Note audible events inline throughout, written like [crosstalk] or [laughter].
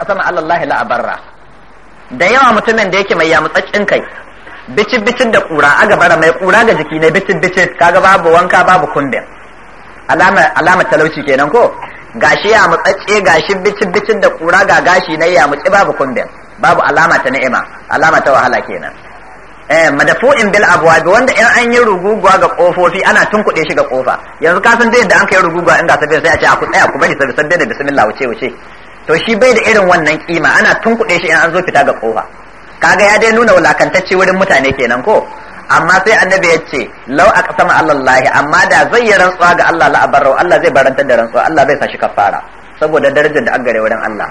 asana Allah la abarra da yawa mutumin da yake mai yamutsaccin kai bicin bicin da kura a gabara mai kura ga jiki ne bicin bicin kaga babu wanka babu kundin alama talauci kenan ko gashi ya mutsacce gashi bicin bicin da kura ga gashi na ya mutsi babu kundin babu alama ta ni'ima alama ta wahala kenan eh madafu'in bil abwab wanda in an yi ruguguwa ga kofofi ana tunkuɗe shi ga kofa yanzu ka san da an kai ruguguwa in ga sabbin sai a ce a ku tsaya ku bari sabbin da bismillah wuce wuce to shi bai da irin wannan kima ana tunkuɗe shi in an zo fita ga kofa kaga ya dai nuna wulakantacce wurin mutane kenan ko amma sai annabi ya ce lau a ƙasama allallahi amma da zai yi rantsuwa ga Allah la Allah zai barantar da rantsuwa Allah zai sashi kafara saboda darajar da aggare wurin Allah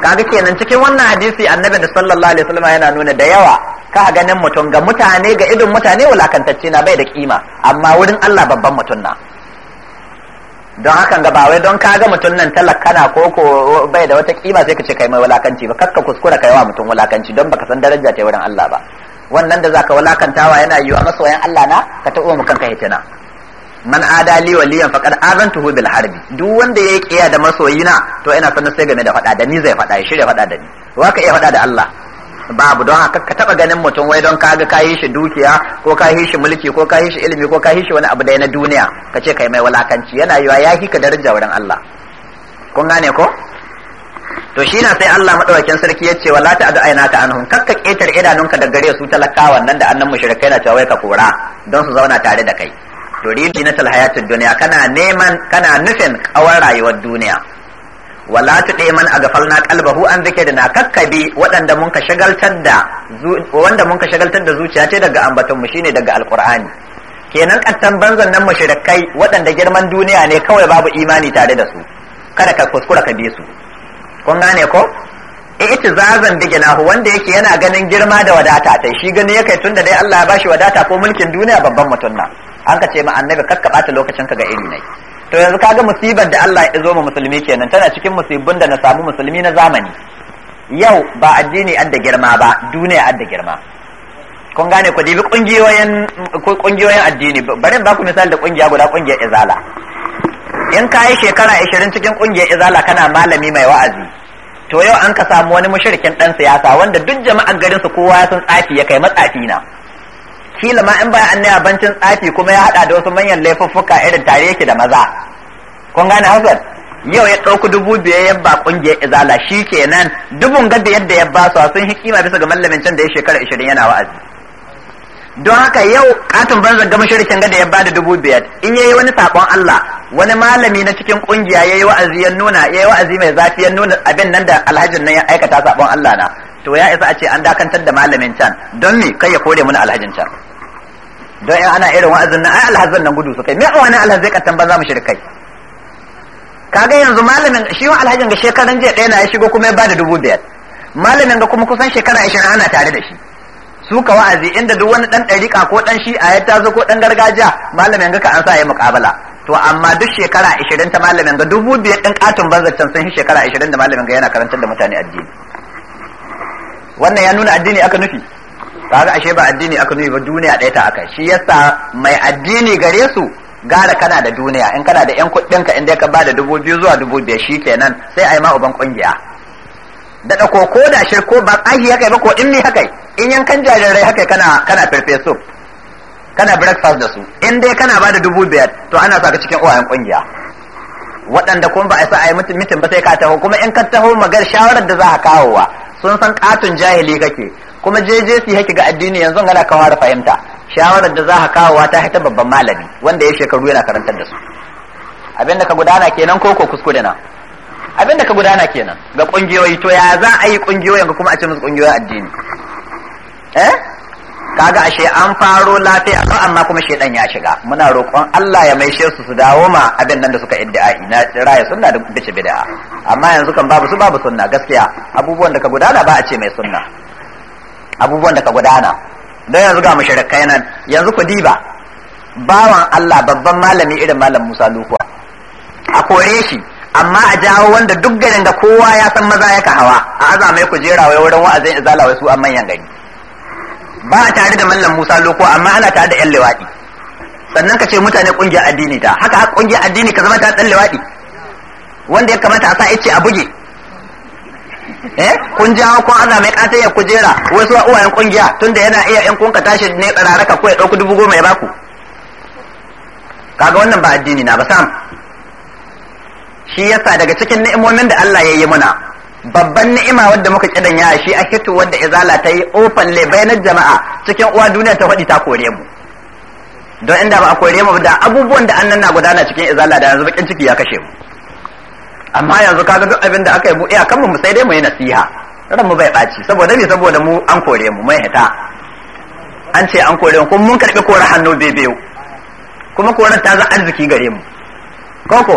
kaga kenan cikin wannan hadisi annabi da sallallahu alaihi wasallam yana nuna da yawa ka ganin mutum ga mutane ga idon mutane wulakantacce na bai da kima amma wurin Allah babban mutum na don hakan ga bawai don ka ga mutum nan talakana ko ko bai da wata kima sai ka ce kai mai wulakanci ba kakka kuskura kai wa mutum wulakanci don baka san daraja ta wurin Allah ba wannan da zaka wulakantawa yana yiwa masoyan Allah na ka taɓo mu kanka hitina man adali waliyan faqad azantuhu bil harbi duk wanda ya kiya da masoyina to ina sanin sai game da fada da ni zai fada ya shirya fada da ni waka iya fada da Allah babu don haka ka taba ganin mutum wai don kaga ka yi shi dukiya ko ka yi shi mulki ko ka yi shi ilimi ko ka yi shi wani abu da na duniya ka ce kai mai walakanci yana yiwa ya hika ka daraja wurin Allah kun gane ko to shi na sai Allah madaukakin sarki ya ce wala ta'du aynaka anhum kakka ketar idanunka da gare su talakawan nan da annan mushrikai na cewa wai ka kora don su zauna tare da kai to ridi na talhayatud duniya kana neman kana nufin kawar rayuwar duniya wala ta ɗaya man a gafalna kalbahu an zike da na kakkabe waɗanda mun ka shagaltar da wanda mun ka shagaltar da zuciya ce daga ambaton mu shine daga alqur'ani kenan kattan banzan nan mushrikai waɗanda girman duniya ne kawai babu imani tare da su kada ka kuskura ka bi su kun gane ko i'tizazan bi ginahu wanda yake yana ganin girma da wadata ta, shi gani kai tunda dai Allah ya bashi wadata ko mulkin duniya babban mutum na an ka ce ma annabi kakka bata lokacin ka ga iri nai to yanzu kaga musibar da Allah ya zo ma musulmi kenan tana cikin musibin da na samu musulmi na zamani yau ba addini adda girma ba duniya adda girma kun gane ku dibi kungiyoyin kungiyoyin addini bari ba ku misali da kungiya guda kungiyar izala in ka yi shekara 20 cikin kungiyar izala kana malami mai wa'azi to yau an ka samu wani mushrikin dan siyasa wanda duk jama'ar garin su kowa san tsafi ya kai matsafi na kila ma in baya annaya bancin tsafi kuma ya hada da wasu manyan laifuffuka irin tare yake da maza kun gane hasan yau ya ɗauku dubu biyar ya ba ƙungiyar izala shi kenan dubun gada yadda ya ba su sun hikima bisa ga mallamin can da ya shekara ishirin yana wa'azi don haka yau katon banza ga mashirikin gada ya ba da dubu biyar in yayi wani sakon Allah wani malami na cikin kungiya yayi wa'azi ya nuna yayi wa'azi mai zafi ya nuna abin nan da alhajin nan ya aikata sakon Allah na to ya isa a ce an dakantar da malamin can don me kai ya kore mun alhajin can don in ana irin wa'azin nan ai alhazan nan gudu su kai me wani zai katan ban za mu shirkai kaga yanzu malamin shi wa alhajin ga shekaran jiya ɗaya na ya shigo kuma ya bada dubu biyar malamin ga kuma kusan shekara ashirin ana tare da shi su ka wa'azi inda duk wani ɗan ɗariƙa ko ɗan shi a ya zo ko ɗan gargajiya malamin ga ka an sa ya muƙabala to amma duk shekara ashirin ta malamin ga dubu biyar ɗin ƙaton can sun shekara ashirin da malamin ga yana karantar da mutane addini wannan ya nuna addini aka nufi kaga ashe ba addini aka nuyi ba duniya ɗaya ta aka shi yasa mai addini gare su gara kana da duniya in kana da yan kuɗin ka inda ka bada dubu biyu zuwa dubu biyar shi kenan sai ai ma uban kungiya Da ko ko da shi ko ba tsahi haka ba ko in ni haka in kan jarirai haka kana kana farfesu kana breakfast da su in dai kana bada dubu biyar to ana saka cikin uwayen kungiya waɗanda kuma ba a sa a yi mutum ba sai ka taho kuma in ka taho magar shawarar da za ka kawowa sun san katon jahili kake kuma jejesi haki ga addini yanzu ana ka fara fahimta shawarar da za ka wata ta babban malami wanda ya shekaru yana karantar da su abinda ka gudana kenan ko ko kuskure na abinda ka gudana kenan ga kungiyoyi to ya za a yi kungiyoyin kuma a ce musu kungiyoyin addini eh kaga ashe an faro lafiya to amma kuma shedan ya shiga muna roƙon Allah ya maishe su su dawo ma abin nan da suka iddi'ai na raya sunna da bice bid'a amma yanzu kan babu su babu sunna gaskiya abubuwan da ka gudana ba a ce mai sunna abubuwan da ka gudana don yanzu ga mushrikai nan yanzu ku diba bawan Allah babban malami irin malam Musa Lukuwa a kore shi amma a jawo wanda duk garin da kowa ya san maza yaka hawa a azamai ku jera wai wurin wa'azin izala wai su an manyan gari ba a tare da mallam Musa Lukuwa amma ana tare da yan liwaɗi sannan ka ce mutane kungiyar addini ta haka kungiyar addini ka zama ta ɗan liwaɗi wanda ya kamata a sa ice a buge eh kun ja ko Allah mai kata ya kujera wasu uwayen kungiya tunda yana iya 'yan kun tashi ne tsararaka ko ya dauki dubu goma ya baku kaga wannan ba addini na ba sam shi yasa daga cikin ni'imomin da Allah ya yi muna babban ni'ima wadda muka kidan ya shi a hitu wadda izala ta yi open na jama'a cikin uwa duniya ta faɗi ta kore mu don inda ba a kore mu da abubuwan da annan na gudana cikin izala da yanzu bakin ciki ya kashe mu amma yanzu kaga duk abin da aka yi eh, a kanmu mu sai dai mu yi nasiha ran mu bai ɓaci saboda me saboda mu an kore mu mai hita an ce an kore mu kuma mun karɓi kore hannu biyu kuma koren ta za arziki gare mu koko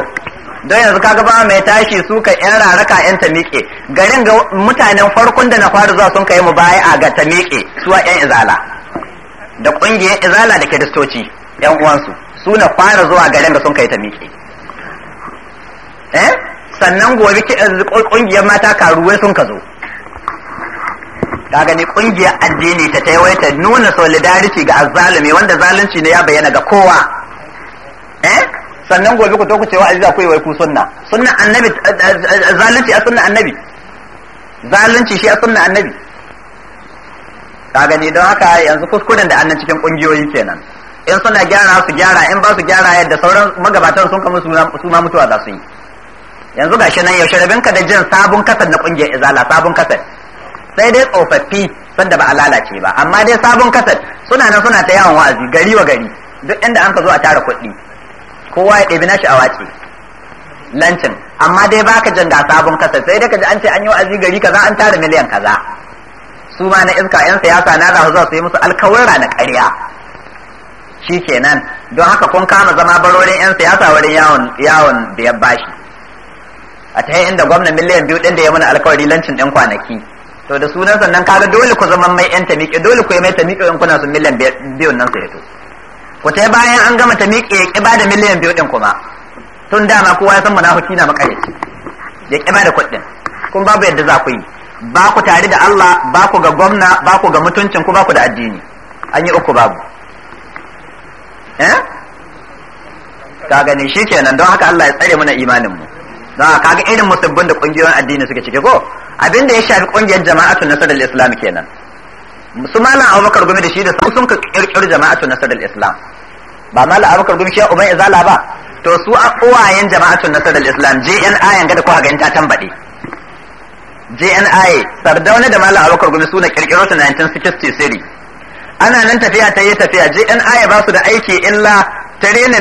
don yanzu kaga ba mai tashi su ka yan raraka yan ta miƙe garin ga mutanen farkon da na fara zuwa sun kai mu baya a ga ta miƙe suwa yan izala da ƙungiyar izala da kiristoci yan uwansu su na fara zuwa garin da sun kai ta miƙe eh sannan gobe ƙungiyar mata karuwai sun ka zo kaga ne ƙungiyar addini ta ta ta nuna solidarity ga azalumi wanda zalunci ne ya bayyana ga kowa eh sannan gobe ku to ku cewa aziza ku yi wai ku sunna sunna annabi zalunci a sunna annabi zalunci shi a sunna annabi kaga ne don haka yanzu kuskuren da annan cikin kungiyoyi kenan in suna gyara su gyara in ba su gyara yadda sauran magabatan sun kama su ma mutuwa za su yi yanzu ga shi nan yaushe ka da jin sabon kasar na kungiyar izala sabon kasar sai dai tsofaffi sanda ba a lalace ba amma dai sabon kasar suna nan suna ta yawan wa'azi gari wa gari duk inda an ka zo a tara kuɗi kowa ya ɗebi nashi a wace lancin amma dai baka jin ga sabon kasar sai dai ka ji an ce an yi wa'azi gari kaza an tara miliyan kaza su ma na iska 'yan siyasa na za su su yi musu alkawarra na ƙarya shi kenan don haka kun kama zama barorin 'yan siyasa wurin yawon yawon da ya bashi a ta inda gwamnan miliyan biyu ɗin da ya mana alkawari lancin ɗin kwanaki to da sunan sannan kaga dole ku zama mai yan tamiƙe dole ku yi mai tamiƙe in kuna sun miliyan biyun nan sai to ku ta bayan an gama tamiƙe ya ƙiba da miliyan biyu ɗin kuma tun dama kowa ya san munafiki na makarici ya ƙiba da kuɗin kun babu yadda za ku yi ba ku tare da Allah ba ku ga gwamna ba ku ga mutuncin ku ba ku da addini an yi uku babu eh ka gani shikenan don haka Allah ya tsare mana imanin mu don kaga irin musabbin da kungiyoyin addini suke cike ko abin da ya shafi kungiyar jama'atu nasarar islam kenan su malam abubakar gumi da shi da sun ka kirkiri jama'atu nasarar islam ba malam abubakar gumi shi uban izala ba to su a uwayen jama'atu nasarar islam jna yanga da kuka ganta ta tambade jna sardauna da malam abubakar gumi suna kirkiro su 1963 ana nan tafiya ta yi tafiya jna ba su da aiki illa training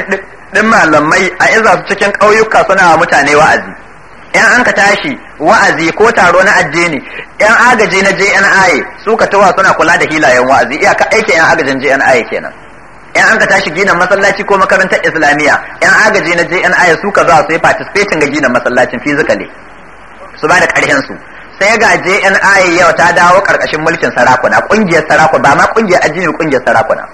din malamai a iza su cikin ƙauyuka suna wa mutane wa'azi yan an ka tashi wa'azi ko taro na addini yan agaji na JNI su ka tawa suna kula da hilayen wa'azi ka aiki yan agajin JNI kenan yan an ka tashi gina masallaci ko makarantar islamiyya yan agaji na JNI su ka za su yi participating ga gina masallacin fizikali su ba da ƙarhin su sai ga JNI yau ta dawo ƙarƙashin mulkin sarakuna ƙungiyar sarakuna ba ma ƙungiyar addini ƙungiyar sarakuna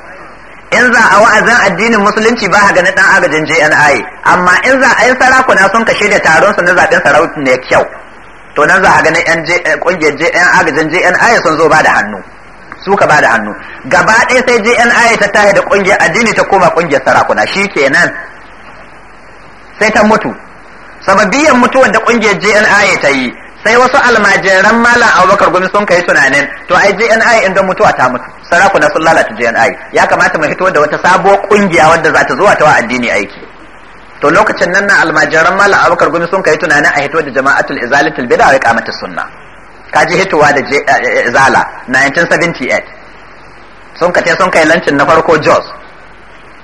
in za a wa'azin addinin musulunci ba ga na dan agajin JNI amma in za a yi sarakuna sun kashe da taron su na zaben sarauta ne kyau to nan za a ga na yan kungiyar eh, JNI agajin JNI sun zo ba da hannu su ka ba da hannu gaba ɗaya sai JNI ta tahi da kungiyar addini ta koma kungiyar sarakuna shikenan sai ta mutu sababiyan mutuwar da kungiyar JNI ta yi sai wasu almajiran malam abubakar gumi sun kai tunanin to ai jni inda mutuwa ta mutu saraku na sun lalata jni ya kamata mu hito da wata sabuwar kungiya wadda za ta zuwa ta wa addini aiki to lokacin nan na almajiran malam abubakar gumi sun kai tunanin a hito da jama'atul izalatul bid'a wa iqamatus sunna kaji hitowa da eh, eh, izala 1978 sun kace sun kai lancin na farko jos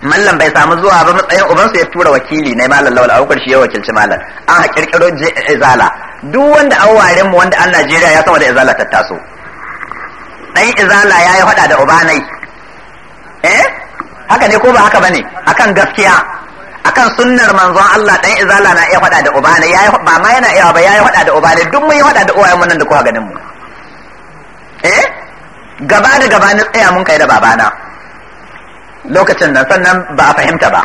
mallam bai samu zuwa ba matsayin ubansu ya tura wakili ne malam lawal abubakar shi ya wakilci malam an kirkiro eh, izala duk wanda an ware mu wanda an Najeriya ya sama da izala ta taso dan izala ya yi faɗa da ubanai eh haka ne ko ba haka bane akan gaskiya akan sunnar manzon Allah dan izala na iya hada da ubanai yayi ba ma yana iya ba yayi hada da ubanai duk mun yi hada da uwayen mu nan da kuka ganin mu eh gaba da gaba ni tsaya mun kai da babana lokacin nan sannan ba a fahimta ba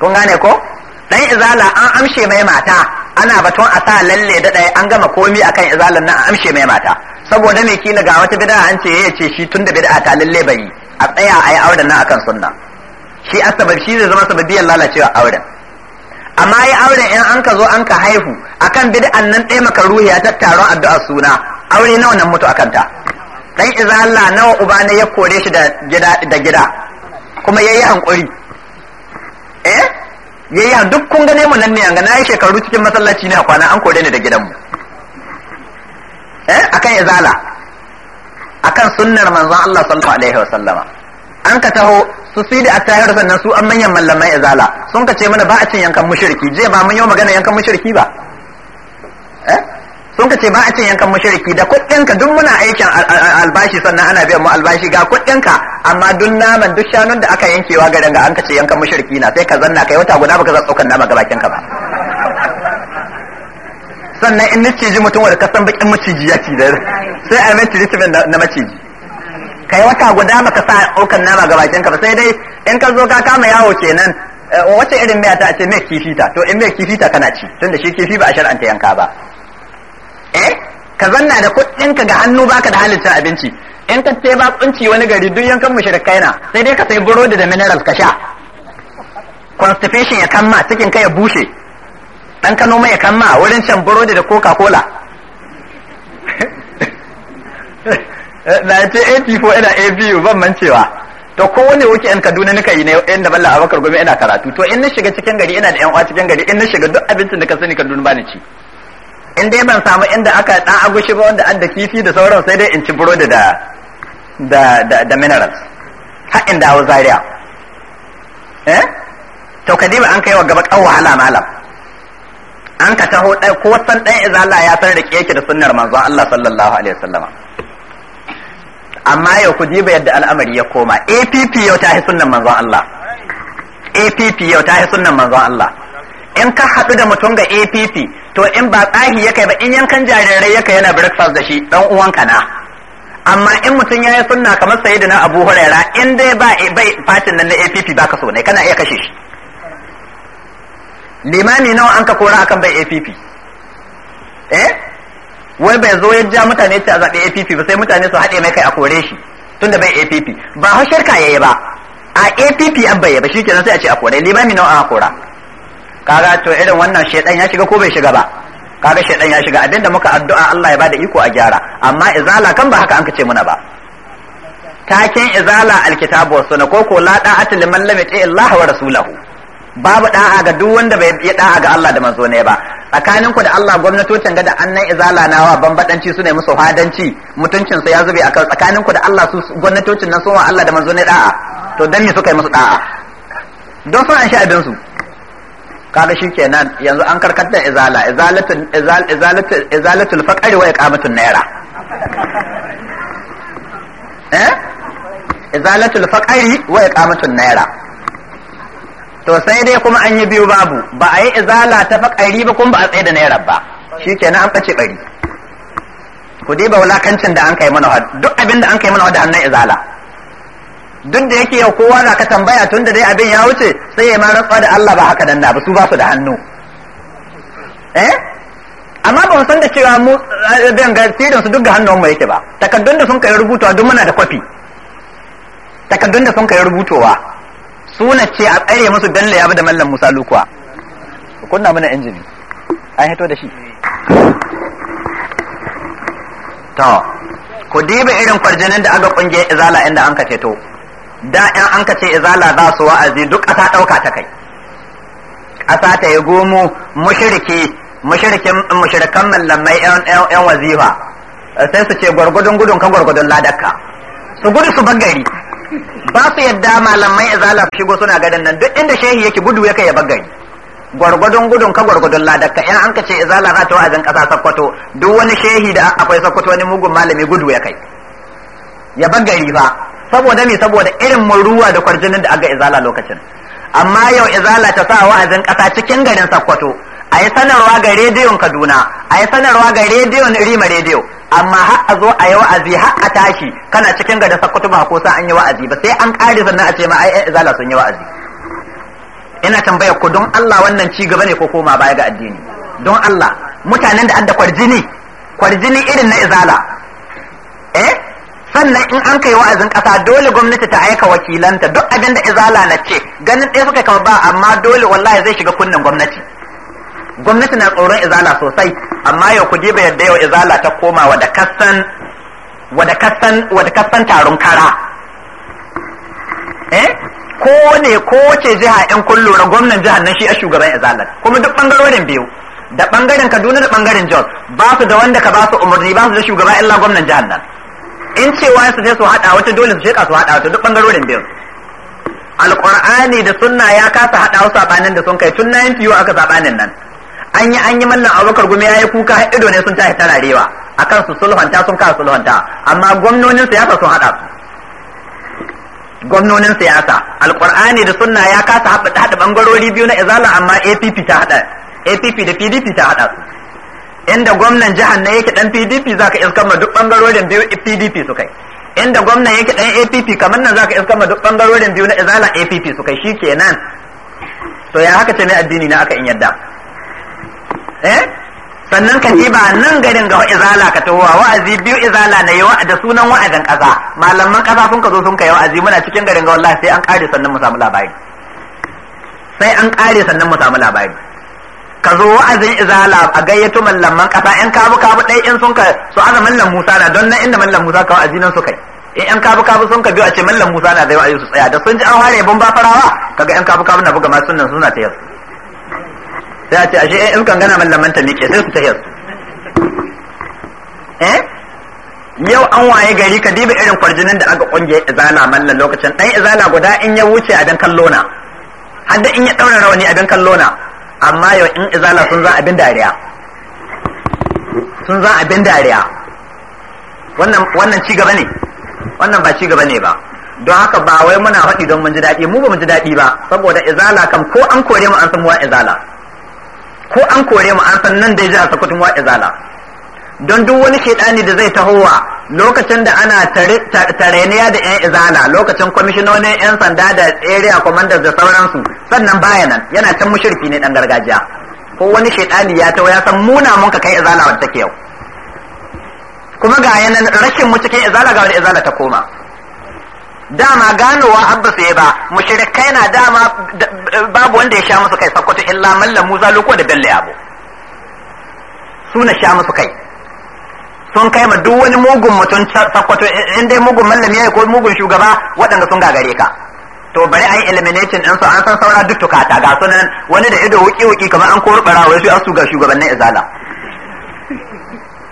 kun gane ko dan izala an amshe mai mata ana baton a sa lalle da ɗaya an gama komi akan izalan na a amshe mai mata saboda me kila ga wata bid'a an ce eh, ce shi tun da bid'a ta lalle yi a tsaya a yi auren nan akan sunna shi asabab shi zai zama sababiyar lalacewa auren amma yi auren in an ka zo an ka haihu a akan bid'an nan ɗaya maka ruhi ya tattaro addu'a suna aure nawa nan mutu a ta dan izala nawa uba ne ya kore shi da gida da gida kuma yayi hankuri eh yi duk kun gane mu nan ne yanga yi shekaru cikin masallaci ne a kwana an kore ni da gidanmu eh akan izala akan sunnar manzon Allah sallallahu alaihi wasallama an ka taho su sai da attahir sannan su an manyan mallamai izala sun ka ce mana ba a cin yankan mushriki je ba mun yi magana yankan mushriki ba ka ce ba a cin yankan mashariki da kuɗinka duk muna aikin albashi sannan ana biyan mu albashi ga kuɗinka amma duk naman duk shanun da aka yankewa garin ga an ka ce yankan mashariki na sai ka zanna kai wata guda baka zan tsokan nama bakin ka ba sannan in ji mutum wanda kasan bakin maciji ya ci da sai a mai treatment na maciji kai wata guda baka sa tsokan nama bakin ka ba sai dai in ka zo ka kama yawo kenan eh, wace irin miya ta ce mai kifi ta to in mai kifi ta kana ci tunda shi kifi ba a shar'anta yanka ba eh ka zanna da kuɗinka ga hannu baka da halin cin abinci in ka ce ba kunci wani gari duk yankan shirka kaina sai dai ka sai burodi da minerals ka sha constipation ya kamma cikin ka ya bushe dan ka noma ya kamma wurin can burodi da coca cola [laughs] na ce ap4 ina ap ban mancewa to ko wani wuce yan Kaduna nika yi ne yan da balla Abubakar gobe ina karatu to in na shiga cikin gari ina da yan uwa cikin gari in na shiga duk abincin da ka sani Kaduna bani ci in dai ban samu inda aka dan agushi ba wanda an da kifi da sauran sai dai in ci burodi da da da, da minerals har in dawo zaria eh to kadiba an kai wa gaba kan wahala malam an ka taho dai ko san ɗan izala ya san rike yake da sunnar manzon Allah sallallahu alaihi wasallama amma yau ku diba yadda al'amari ya koma APP yau ta hi sunnan manzon Allah APP yau ta hi sunnan manzon Allah in ka haɗu da mutum ga APP to in ba tsahi ya kai ba in yankan jarirai ya kai yana breakfast da shi dan uwanka na amma in mutum ya yi sunna kamar na abu hurera in dai ba bai fatin nan na APP ba ka so ne kana iya kashe shi limami nawa an ka kora akan bai APP eh wai bai zo ya ja mutane ta zaɓe APP ba sai mutane su haɗe mai kai a kore shi tun da bai APP ba har shirka yi ba a APP an bai ba shikenan sai a ce a kore limami nawa an kora kaga to irin wannan shedan ya shiga ko bai shiga ba kaga shedan ya shiga abinda muka addu'a Allah ya bada iko a gyara amma izala kan ba haka an kace muna ba taken izala alkitabu wa sunna ko ko la da'atu liman lam Allah wa rasulahu babu da'a ga duk wanda bai yi da'a ga Allah da manzo ne ba tsakanin ku da Allah gwamnatocin ga da annan izala nawa bambadanci su ne musu hadanci mutuncin su ya zube akan tsakanin ku da Allah su gwamnatocin nan sun wa Allah da manzo ne da'a to dan me suka yi musu da'a don sun an sha abin su shi shikenan yanzu an karkanta izala izalatul izalatul izalatul faqr wa iqamatul naira [laughs] eh izalatul faqri wa iqamatul naira to sai dai kuma an yi biyu babu ba a yi izala ta faqari ba kuma ba a tsaye da naira ba shikenan an bace bari ku dai ba wulakancin da an kai mana duk abin da an kai mana da hannun izala duk da yake yau kowa na ka tambaya tun da dai abin ya wuce sai ya ma rantsuwa da Allah ba haka nan na ba su ba su da hannu eh amma ba san da cewa mu zan ga sirrin su duk ga hannun mu yake ba takaddun da sun kai rubutuwa duk muna da kwafi takaddun da sun kai rubutuwa suna ce a tsare musu dalla ya da mallam Musa Lukuwa kunna mana injini an hito da shi to ku diba irin kwarjinin da aka kungiyar izala inda an ka ceto da yan an ka ce izala za su wa'azi duk ta ɗauka ta kai ƙasa ta yi gomo mushiriki mushirikan mallamai yan wazifa sai su ce gwargudun gudun kan gwargudun ladakka su gudu su bagari ba su yadda malamai izala su shigo suna gadon nan duk inda shehi yake gudu ya kai ya bagari gwargwadon gudun ka gwargwadon ladakka in an ka ce izala za ta wa'azin ƙasa sakkwato duk wani shehi da akwai sakkwato wani mugun malami gudu ya kai ya bagari ba saboda me saboda irin ruwa da kwarjinin da ga izala lokacin amma yau izala ta sa wa'azin ƙasa cikin garin sakkwato a yi sanarwa ga rediyon kaduna a yi sanarwa ga rediyon rima rediyo amma har a zo a yi wa'azi har a tashi kana cikin garin sakkwato ba ko sa an yi wa'azi ba sai an ƙare sannan a ce ma ai izala sun yi wa'azi ina tambayar ku don Allah wannan ci gaba ne ko koma baya ga addini don Allah mutanen da adda kwarjini kwarjini irin na izala eh sannan in an kai wa'azin ƙasa dole gwamnati ta aika wakilanta duk abin da izala na ce ganin ɗaya suka kama ba amma dole wallahi zai shiga kunnen gwamnati gwamnati na tsoron izala sosai amma yau ku diba yadda yau izala ta koma wada kasan wada taron kara eh ko ne ko ce jiha in kun lura gwamnan jihar nan shi a shugaban izalar kuma duk bangarorin biyu da bangaren kaduna da bangaren jos ba su da wanda ka ba su umarni ba su da shugaba illa gwamnan jihar nan in cewa su sai su hada wata dole su sheka su hada wata duk bangarorin biyu alqur'ani da sunna ya kasa hada wasu sabanin da sun kai tun 90 yau aka sabanin nan an yi an yi mallan abokar gumi yayi kuka ido ne sun tashi tararewa akan su sulhanta sun kasa sulhanta amma gwamnonin siyasa sun hada su gwamnonin siyasa alqur'ani da sunna ya kasa hada bangarori biyu na izala amma APP ta hada APP da PDP ta hada su inda gwamnan jihar na yake dan PDP zaka iska ma duk bangarorin biyu PDP su kai inda gwamnan yake dan APP kamar nan zaka iska ma duk bangarorin biyu na izala APP su kai shikenan to ya haka ce mai addini na aka in yadda eh sannan ka ba nan garin ga izala ka tawowa wa'azi biyu izala na yawa da sunan wa'azin ƙasa malaman ƙasa sun ka zo sun kai wa'azi muna cikin garin ga wallahi sai an kare sannan mu samu labari sai an ƙare sannan mu samu labari ka zo wa'azin izala a gayyato mallaman kasa yan kabu kabu ɗaya in sun ka so ana mallam musa na don nan inda mallam musa ka wa'azi nan su kai in yan kabu kabu sun ka biyo a ce mallam musa na da wa'azi su tsaya da sun ji an hare ban ba farawa kaga yan kabu kabu na buga masu sunan suna ta yarsu sai a ce ashe eh, in kan gana mallaman ta miƙe sai su ta yarsu eh yau an waye gari ka diba irin kwarjinin da aka kungiyar izala mallan lokacin ɗan izala guda in ya wuce a dan kallona hadda in ya ɗaura rawani a dan kallona amma yau in izala sun za abin dariya sun za abin dariya wannan ci gaba ne wannan ba ci gaba ne ba don haka ba wai muna faɗi don mun ji daɗi mu ba mun ji daɗi ba saboda izala kam ko an kore mu an san wa izala ko an kore mu an san nan da ya ji a sakutun wa izala don duk wani shaidani da zai tahowa lokacin da ana tareniya da 'yan izala lokacin kwamishinonin 'yan sanda da area commanders da sauransu sannan baya nan yana can mushirki ne dan gargajiya ko wani shaidani ya tawo ya san muna mun ka kai izala wadda take yau kuma ga yanan rashin mu cikin izala ga wani izala ta koma dama ganowa abba sai ba mushrikai na dama babu wanda ya sha musu kai sakkwato illa mallam musa da bello yabo su na sha musu kai sun kai ma duk wani mugun mutum sakwato inda mugun mallami ko mugun shugaba waɗanda sun gagare ka to bari ai elimination din su an san saura duk tukata ga sunan wani da ido wuki wuki kamar an korbara wai su asu ga shugabannin izala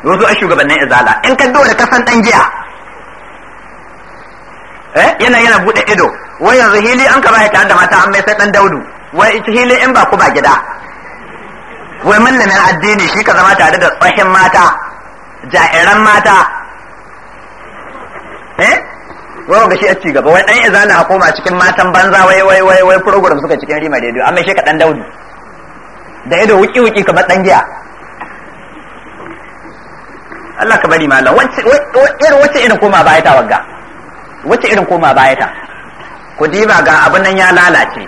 wasu a shugabannin izala in ka dole ka san dan giya eh yana yana bude ido wai yanzu hili an ka ba ta da mata an mai sai dan daudu wai hili in ba ku ba gida wai mallamin addini shi ka zama tare da tsohin mata ja'iran mata eh wai ga shi a ci gaba wai dan izala a koma cikin matan banza wai wai wai wai program suka cikin rima daidai amma shi ka dan daudi da ido wuki wuki kamar dan giya Allah ka bari malam wacce irin wacce irin koma baya ta wagga wacce irin koma baya ta ku diba ga abin nan ya lalace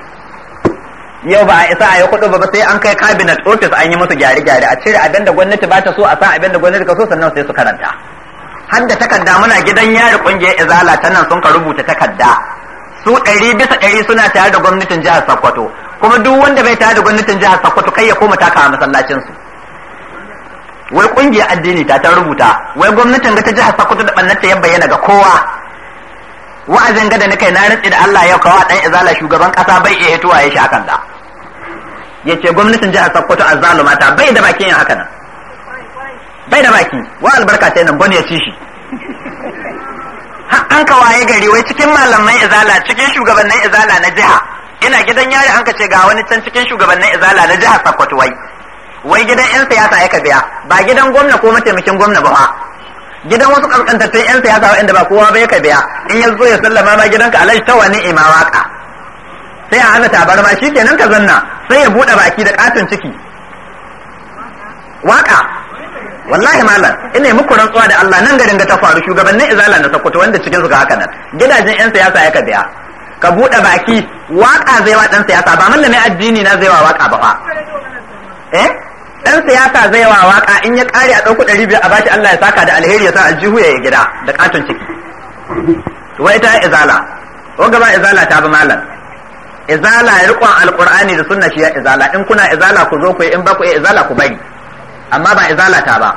yau ba a isa a yi kudu ba sai an kai cabinet office an yi musu gyare-gyare a cire abin da gwamnati ba ta so a sa abin da gwamnati ka so sannan sai su karanta har da takarda muna gidan yari kungiyar izala ta nan sun ka rubuta takarda su ɗari bisa ɗari suna tare da gwamnatin jihar Sokoto kuma duk wanda bai tare da gwamnatin jihar Sokoto kai ya koma taka a masallacin su wai kungiyar addini ta ta rubuta wai gwamnatin ga ta jihar Sokoto da ɓannarta ya bayyana ga kowa wa'azin gada na kai na rantsi da Allah ya a dan izala shugaban kasa bai iya hituwa ya sha kan da yace gwamnatin jihar Sokoto azzaluma ta bai da bakin yin haka nan bai da baki wa albarka ta nan ya ci shi an ka waye gari wai cikin malaman izala cikin shugabannin izala na jiha ina gidan yari an ka ce ga wani can cikin shugabannin izala na jihar Sokoto wai wai gidan yan siyasa ya ka biya ba gidan gwamna ko mataimakin gwamna ba gidan wasu kaskantattun yan siyasa waɗanda ba kowa ba ya ka biya in ya zo ya sallama ma gidanka ta wani imawa ka sai a aza tabarma shi kenan ka zanna sai ya buɗe baki da katon ciki waka wallahi malam ina muku rantsuwa da Allah nan garin ga ta faru shugabannin izala na Sokoto wanda cikin su ga haka nan gidajen yan siyasa ya ka biya ka buɗe baki waka zai wa dan siyasa ba mai addini na zai wa waka ba fa eh dan siyasa zai wa waka in ya kare a ɗauku ɗari biyu a bashi Allah ya saka da alheri ya sa aljihu ya yi gida da katon ciki wai ta izala ko gaba izala ta bi malam izala riƙon alƙur'ani da sunna shi ya izala in kuna izala ku zo ku yi in ba ku iya izala ku bari amma ba izala ta ba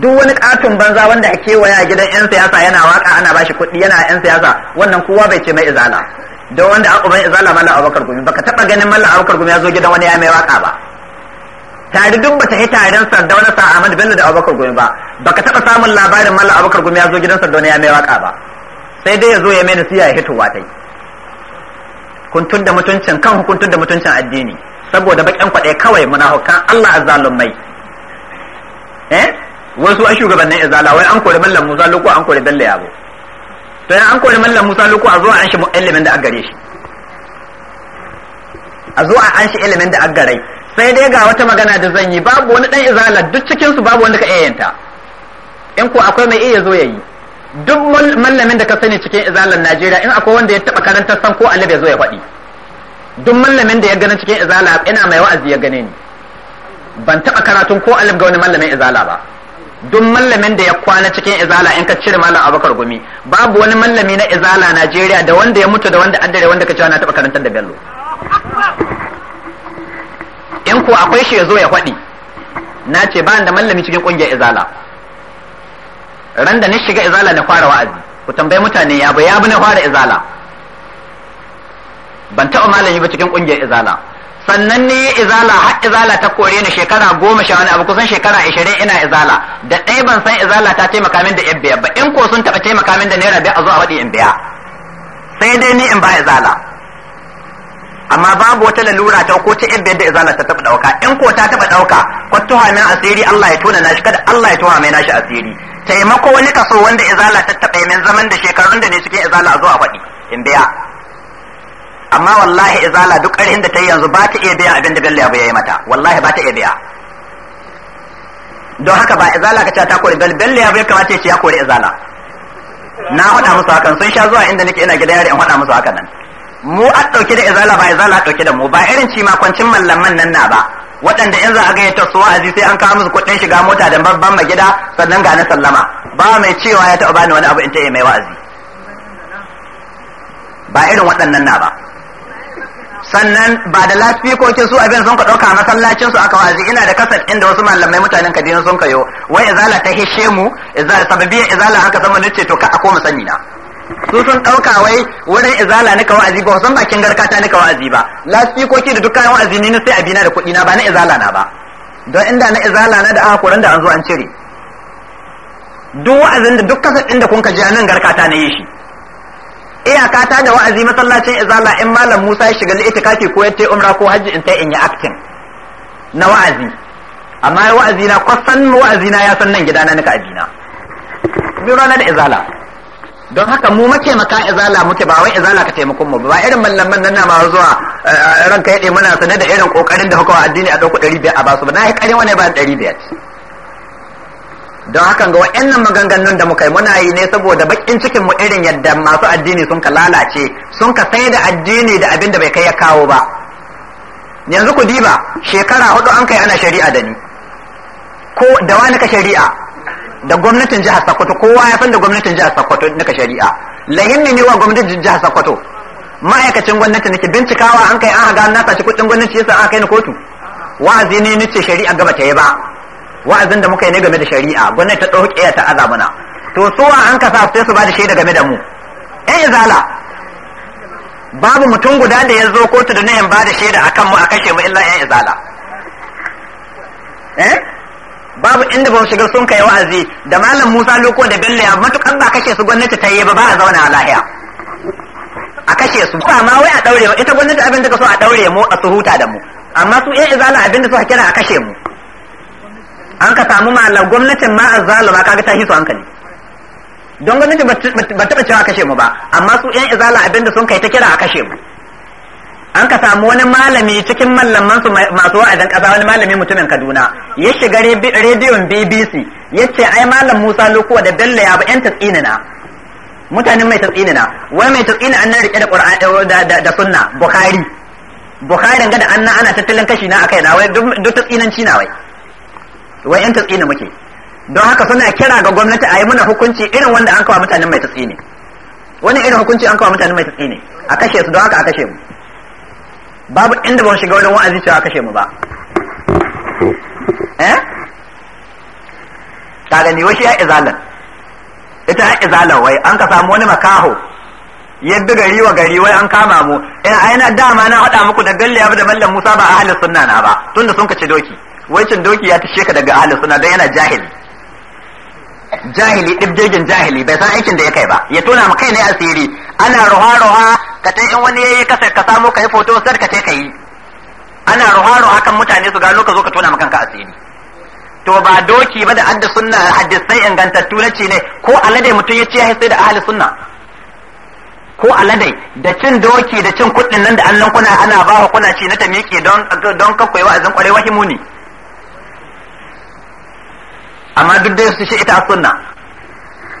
duk wani katon banza wanda a kewaya gidan yan siyasa yana waka ana bashi kuɗi yana yan siyasa wannan kowa bai ce mai izala don wanda aka uban izala mallam abubakar gumi baka taɓa ganin mallam abubakar gumi ya zo gidan wani ya mai waka ba tare duk bata yi taren sanda wani sa Ahmad Bello da Abubakar Gumi ba baka taɓa samun labarin mallam Abubakar Gumi ya zo gidan sanda wani ya mai waka ba sai dai ya zo ya mai nasiya ya hito watai kuntun da mutuncin kan hukuntun da mutuncin addini saboda bakin kwaɗe kawai hukan Allah azzalumai eh wasu a shugabannin izala wai an kori mallam Musa Luku an kori Bello Yabo to an kori mallam Musa Luku a zo an shi ilimin da gare shi a zo an shi ilimin da gare sai dai ga wata magana da zan yi babu wani dan izala duk cikin su babu wanda ka iyayanta in ko akwai mai iya zo yayi duk mallamin da ka sani cikin izalar Najeriya in akwai wanda ya taba karantar san ko Allah bai zo ya faɗi duk mallamin da ya gani cikin izala ina mai wa'azi ya gane ni ban taba karatun ko alif ga wani mallamin izala ba duk mallamin da ya kwana cikin izala in ka cire malam Abubakar Gumi babu wani mallami na izala Najeriya da wanda ya mutu da wanda addare wanda ka cewa na taba karantar da Bello in ko akwai shi ya zo ya faɗi na ce ba da mallami cikin kungiyar izala ran da ni shiga izala na fara wa'azi ku tambayi mutane ya ba ya bi na fara izala ban taɓa malami ba cikin ƙungiyar izala sannan ni izala har izala ta kore ni shekara goma sha wani abu kusan shekara ashirin ina izala da ɗaya ban san izala ta taimaka min da yan biyar ba in ko sun taɓa taimaka min da naira biyar a zo a waɗi in biya sai dai ni in ba izala amma babu wata lalura ta ko ta yan da izala ta taɓa ɗauka in ko ta taɓa ɗauka kwattuwa min asiri Allah ya tona na shi kada Allah ya tona mai nashi asiri taimako wani kaso wanda izala ta taɓa min zaman da shekarun da ne cikin izala a zo a faɗi in biya amma wallahi izala duk ƙarhin da ta yi yanzu ba ta iya biya abin da bello ya yi mata wallahi ba ta iya biya don haka ba izala ka ta kori bello bello ya kamata ya ce ya kori izala na haɗa musu hakan sun sha zuwa inda nake ina gida yare in haɗa musu hakan nan mu a ɗauke da izala ba izala a ɗauke da mu ba irin ci kwancin mallaman nan na ba waɗanda in za a su wa'azi sai an kawo musu kuɗin shiga mota da babban magida sannan ga na sallama ba mai cewa ya taɓa bani wani abu in ta mai wa'azi ba irin waɗannan na ba sannan ba da lafikokin su abin sun ka ɗauka masallacin su aka wazi ina da kasar inda wasu malamai mutanen kadina sun kayo wai izala ta hishe mu izala sababiyar izala an ka nace to ka a mu sani na su sun ɗauka wai wurin izala nika wa'azi ba san bakin garkata nika wa'azi ba lasikoki da dukkan wa'azi na sai abina da kuɗi na ba na izala na ba don inda na izala na da aka kuran da an zo an cire duk wa'azin da duk kasafin da kun ka ji nan garkata na yi shi iyaka ta da wa'azi masallacin izala in malam Musa ya shiga kake ko ya umra ko hajji in ta in yi aktin na wa'azi amma wa'azi na kwasan wa'azi na ya san nan gidana nika abina biyu rana da izala don haka mu make maka izala muke ba wai izala ka taimakon mu ba irin mallaman nan na ma zuwa eh, ranka yade muna sanar da irin kokarin da hukawa addini a dauko 500 a basu ba na yi karin wani ba 500 don haka ga wa'annan maganganun da muka yi muna yi ne saboda bakin cikin mu irin yadda masu addini sun ka lalace sun ka sai da addini da abin da bai kai ya kawo ba yanzu ku diba shekara hudu an kai ana shari'a da ni ko da wani ka shari'a da gwamnatin jihar Sokoto kowa ya san da gwamnatin jihar Sokoto daga shari'a lahin ne wa gwamnatin jihar Sokoto ma'aikacin gwamnati nake bincikawa an kai an ga na saci kudin gwamnati yasa aka kai ni kotu wa'azi ne nace shari'a gaba ta yi ba wa'azin da muka yi ne game da shari'a gwamnati ta dauke ya ta na to suwa an kasa sai su ba da shaida game da mu eh izala babu mutum guda da ya zo kotu da nayin ba da shaida akan mu a kashe mu illa eh izala eh babu inda ba shigar sun kai wa'azi da malam Musa loko da Bello ya matukan ba kashe su gwamnati ta yi ba ba a zauna a lahiya a kashe su ba ma wai a daure ba ita gwamnati abin da ka so a daure mu a suhuta da mu amma su iya izala abin da suka kira a kashe mu an ka samu malam gwamnatin ma azzaluma kaga ta hisu hankali don gwamnati ba taɓa cewa kashe mu ba amma su iya izala abin da sun kai ta kira a kashe mu an ka samu wani malami cikin mallaman su masu wa'azin kasa wani malami mutumin Kaduna ya shiga rediyon BBC ya ce ai malam Musa Lokuwa da Bello ya ba yan tatsinina mutanen mai tatsinina wai mai tatsina an rike da Qur'ani eh, da sunna Bukhari Bukhari ga da an ana tattalin kashi na akai na wai duk ci na wai wai yan tatsina muke don haka suna kira ga gwamnati a yi muna hukunci irin wanda an kawo mutanen mai tatsini wani irin hukunci an kawo mutanen mai tatsini a kashe su don haka a kashe mu babu inda ban shiga wurin wa'azi cewa kashe mu ba eh ta ni shi ya izalan ita ya izalan wai an ka samu wani makaho yadda gari wa gari wai an kama mu in eh, aina dama na haɗa muku da galle da mallam Musa ba ahli sunna na ba tunda sun kace doki wai cin doki ya tashe ka daga ahli sunna dan yana jahili jahili dibjejin jahili bai san aikin da ya kai ba ya tona mu kai ne asiri ana ruha ruha ka ta in wani yayi kasa ka samu ka yi foto sar ka ce ka yi ana ruharu akan mutane su gano ka zo ka tona maka kanka asiri to ba doki ba da adda sunna hadisai ingantattu na ce ne ko alade mutum ya ce ya sai da ahli sunna ko alade da cin doki da cin kuɗin nan da annan kuna ana ba kuna ci na ta miƙe don don kakwai wa'azin kwarewa himuni amma duk da su shi ita sunna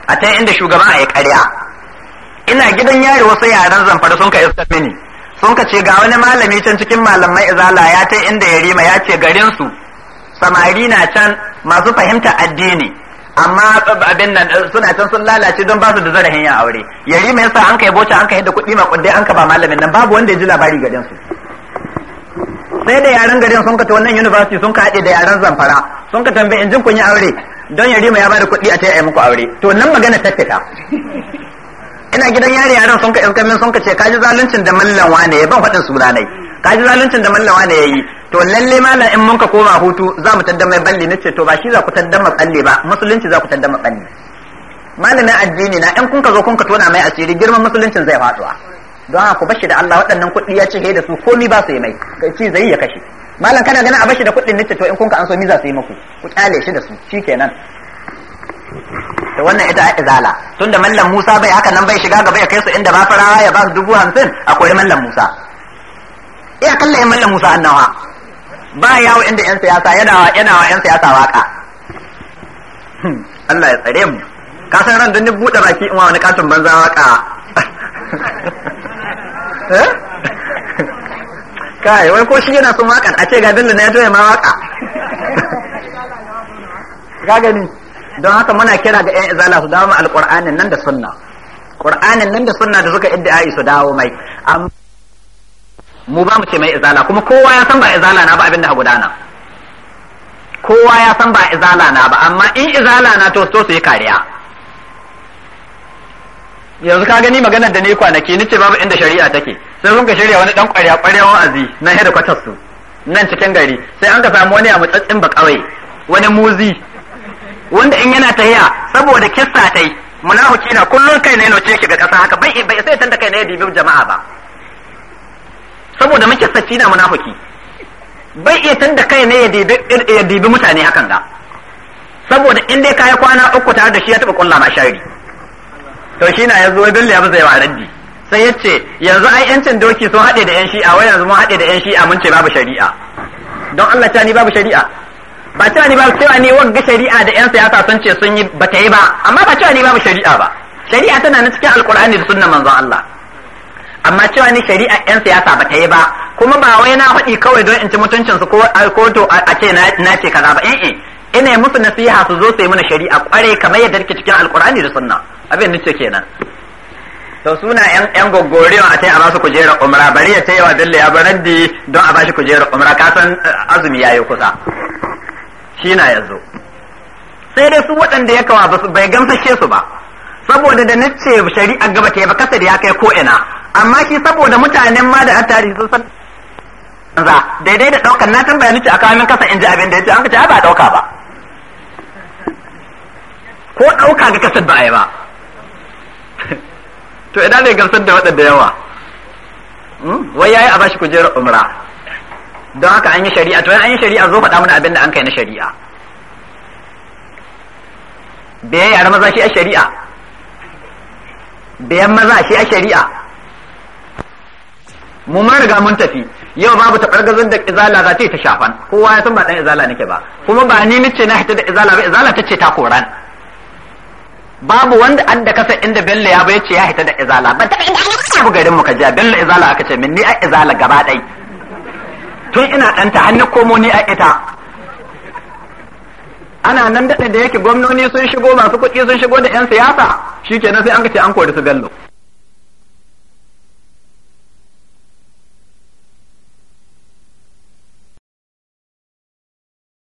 a ta inda shugaba a yi ƙarya ina gidan yari wasu yaren zamfara sun ka iska mini sun ka ce ga wani malami can cikin malamai izala ya ta inda ya rima ya ce garin su samari na can masu fahimta addini amma abin nan suna can sun lalace don ba da zarafin yin aure ya rima yasa an kai bocha an kai da kuɗi ma kuɗi an ka ba malamin nan babu wanda ya ji labari garin sai da yaran garin sun ka ta wannan university sun ka haɗe da yaran zamfara sun ka tambayi in jin kun yi aure don yarima rima ya ba da kuɗi a ta yi muku aure to nan magana ta fita ina gidan yari yaran sun ka iska min sun ka ce kaji zaluncin da mallan wane ya ban faɗin sunanai kaji zaluncin da mallan wane ya yi to lalle malam in mun ka koma hutu za mu tada mai balli nace to ba shi za ku tadda balli ba musulunci za ku tadda balli malamin addini na in kun ka zo kun ka tona mai asiri girman musuluncin zai faɗuwa don haka ku bashi da Allah waɗannan kuɗi ya ce da su komi ba su yi mai ci zai ya kashe malam kana gani a bashi da kuɗin nace to in kun ka an so mi su yi muku ku kyale shi da su shikenan to wannan ita izala tunda mallam Musa bai haka nan bai shiga gaba ya kai su inda ba farawa ya ba su dubu hamsin a koyi mallam Musa iya kalla ya mallam Musa annawa ba yawo inda yan siyasa yana yana wa yan siyasa waka hmm, Allah ya tsare mu ka san ran dun buɗe baki in wa wani katon banza waka [laughs] eh? [laughs] kai wai ko shi yana son wakan a ce ga dillu na ya ma waka [laughs] ka gani don haka muna kira ga 'yan izala su dawo alƙur'anin nan da sunna ƙur'anin nan da sunna da suka iddi'ai su dawo mai mu ba mu ce mai izala kuma kowa ya san ba izala na ba abin da gudana kowa ya san ba izala na ba amma in izala na to so su yi kariya yanzu ka gani maganar da ni kwanaki ni ce babu inda shari'a take sai kun ka shirya wani dan ƙwarya ƙwarya wa'azi na hada kwatar su nan cikin gari sai an ka samu wani a mutsatsin ba kawai wani muzi wanda in yana tahiya saboda kissa tai munafiki na kullun kai ne noce shi ga kasa haka bai bai sai tanda kai ne dibi jama'a ba saboda muke kissa na munafiki bai iya tanda kai ne ya dibi mutane hakan ga saboda in dai kai kwana uku tare da shi ya taba kulla ma shari to shi na yazo dole ya bazai wa raddi sai yace yanzu ai yancin doki sun haɗe da yan shi'a wai yanzu mun haɗe da yan shi'a mun ce babu shari'a don Allah ta ni babu shari'a ba cewa ni ba cewa ne wagga shari'a da yan siyasa sun ce sun yi ta yi ba amma ba cewa ni babu shari'a ba shari'a tana na cikin alkur'ani da sunnan manzon Allah amma cewa ni shari'a yan siyasa ta yi ba kuma ba wai na faɗi kawai don in ci mutuncin su ko to a ce na ce kaza ba in eh, eh. ina musu nasiha su zo su yi mana shari'a kware kamar yadda ke cikin alkur'ani da sunna abin nace kenan to suna yan yan gogorewa a tai a basu kujerar umra bari ya tayi wa dalle ya barandi don a bashi kujerar umra kasan eh, azumi yayi kusa shi na yazo sai dai su waɗanda ya kawa basu bai gamsashe su ba saboda da nace shari'a gaba ta ba kasa da ya kai ko ina amma shi saboda mutanen ma da atari sun san za daidai da ɗaukar na tambaya nace a kawo kasa in ji abin da ya ce an ka ba ɗauka ba ko ɗauka ga kasar ba a yi ba [laughs] to idan ne gamsar da waɗanda yawa hmm? wai yayi a bashi kujerar umra don haka an yi shari'a to an yi shari'a zo faɗa mana abin da an kai na shari'a bayan yara maza shi a shari'a biyan maza shi a shari'a mu ma riga mun tafi yau babu ta taɓargazar da izala za ta yi ta shafan kowa ya san ba ɗan izala nake ba kuma ba ni nace na hita da izala ba izala ta ce ta koran babu wanda an da kasa inda bello ya bai ce ya hita da izala ba ta inda an yi garin mu ka ja bello izala aka ce min ni a izala gaba ɗai tun ina ɗanta hannu komo ni a ita ana nan daɗe da yake gwamnoni sun shigo masu kuɗi sun shigo da 'yan siyasa shi kenan sai an ce an kori su bello